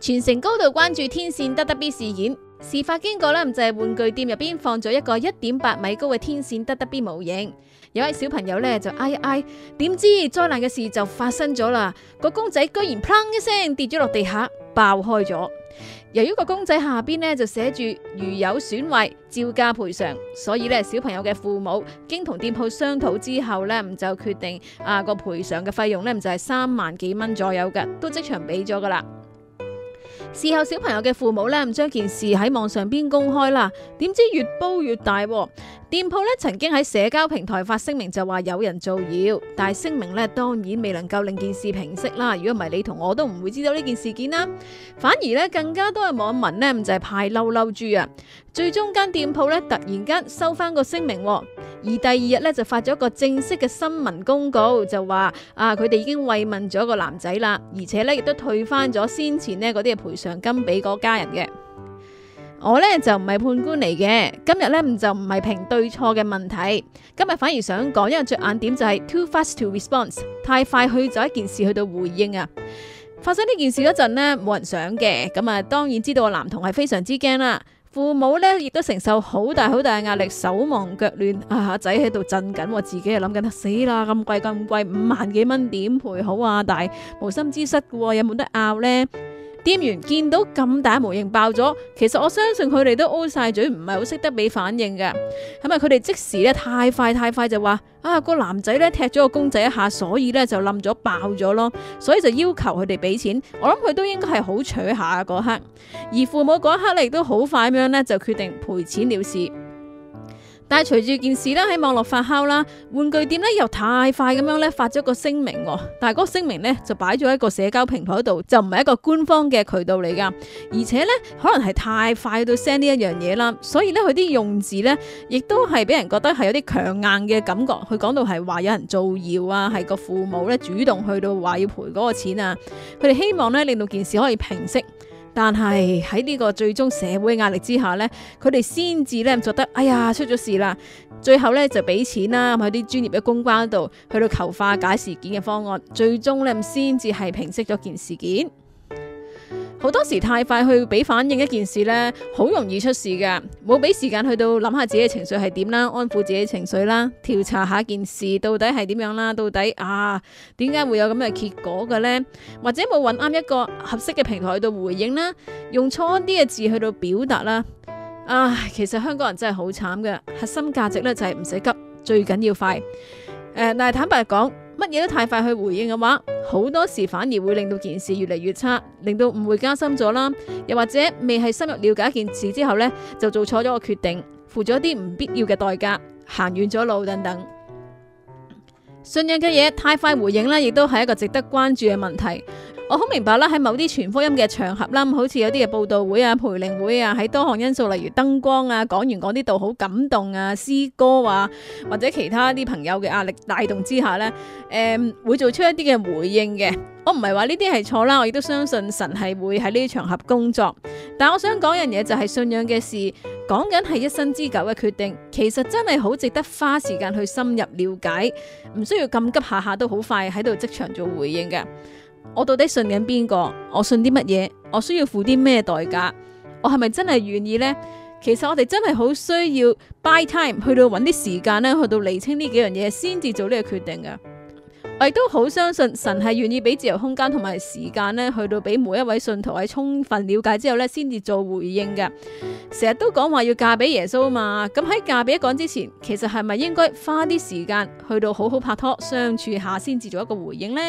全城高度關注天線得得 B 事件。事發經過呢，就係玩具店入邊放咗一個一點八米高嘅天線得得 B 模型，有位小朋友呢，就嗌嗌，點知災難嘅事就發生咗啦！個公仔居然砰一聲跌咗落地下，爆開咗。由於個公仔下邊呢，就寫住如有損壞，照價賠償，所以呢，小朋友嘅父母經同店鋪商討之後呢，就決定啊個賠償嘅費用呢，就係三萬幾蚊左右噶，都即場俾咗噶啦。事後小朋友嘅父母咧，唔將件事喺網上邊公開啦，點知越煲越大。店鋪咧曾經喺社交平台發聲明，就話有人造謠，但係聲明咧當然未能夠令件事平息啦。如果唔係，你同我都唔會知道呢件事件啦。反而咧更加多嘅網民咧，就係派嬲嬲住啊。最終間店鋪咧突然間收翻個聲明。而第二日咧就發咗一個正式嘅新聞公告，就話啊佢哋已經慰問咗個男仔啦，而且咧亦都退翻咗先前呢嗰啲嘅賠償金俾嗰家人嘅。我咧就唔係判官嚟嘅，今日咧就唔係評對錯嘅問題，今日反而想講，一個着眼點就係 too fast to respond，太快去咗一件事去到回應啊。發生呢件事嗰陣呢，冇人想嘅，咁啊當然知道個男童係非常之驚啦。父母咧亦都承受好大好大嘅壓力，手忙腳亂啊！仔喺度震緊，自己又諗緊死啦！咁貴咁貴，五萬幾蚊點賠好啊？但係無心之失嘅，有冇得拗咧？店員見到咁大模型爆咗，其實我相信佢哋都 O 晒嘴，唔係好識得俾反應㗎。咁啊，佢哋即時咧太快太快就話啊，個男仔咧踢咗個公仔一下，所以咧就冧咗爆咗咯，所以就要求佢哋俾錢。我諗佢都應該係好取下嗰刻，而父母嗰一刻亦都好快咁樣咧就決定賠錢了事。但係隨住件事咧喺網絡發酵啦，玩具店咧又太快咁樣咧發咗個聲明，但係嗰個聲明咧就擺咗喺個社交平台度，就唔係一個官方嘅渠道嚟噶，而且咧可能係太快到 send 呢一樣嘢啦，所以咧佢啲用字咧亦都係俾人覺得係有啲強硬嘅感覺，佢講到係話有人造謠啊，係個父母咧主動去到話要賠嗰個錢啊，佢哋希望咧令到件事可以平息。但係喺呢個最終社會壓力之下咧，佢哋先至咧覺得，哎呀，出咗事啦，最後咧就俾錢啦，喺啲專業嘅公關度去到求化解事件嘅方案，最終咧先至係平息咗件事件。好多時太快去俾反應一件事呢，好容易出事噶。冇俾時間去到諗下自己情緒係點啦，安撫自己情緒啦，調查下件事到底係點樣啦，到底啊點解會有咁嘅結果嘅呢？或者冇揾啱一個合適嘅平台去回應啦，用錯啲嘅字去到表達啦。唉、啊，其實香港人真係好慘嘅。核心價值呢就係唔使急，最緊要快。呃、但係，坦白講。乜嘢都太快去回應嘅話，好多時反而會令到件事越嚟越差，令到誤會加深咗啦。又或者未係深入了解一件事之後呢，就做錯咗個決定，付咗啲唔必要嘅代價，行遠咗路等等。信任嘅嘢太快回應咧，亦都係一個值得關注嘅問題。我好明白啦，喺某啲全福音嘅場合啦，好似有啲嘅佈道會啊、培靈會啊，喺多項因素，例如燈光啊、講完講呢度好感動啊、詩歌啊，或者其他啲朋友嘅壓力帶動之下呢，誒、嗯，會做出一啲嘅回應嘅。我唔係話呢啲係錯啦，我亦都相信神係會喺呢啲場合工作。但我想講一樣嘢，就係信仰嘅事，講緊係一生之久嘅決定，其實真係好值得花時間去深入了解，唔需要咁急下下都好快喺度即場做回應嘅。我到底信緊邊個？我信啲乜嘢？我需要付啲咩代價？我係咪真係願意呢？其實我哋真係好需要 buy time 去到搵啲時間咧，去到厘清呢幾樣嘢先至做呢個決定噶。我亦都好相信神係願意俾自由空間同埋時間咧，去到俾每一位信徒喺充分了解之後咧，先至做回應噶。成日都講話要嫁俾耶穌啊嘛，咁喺嫁俾一個人之前，其實係咪應該花啲時間去到好好拍拖相處下先至做一個回應呢？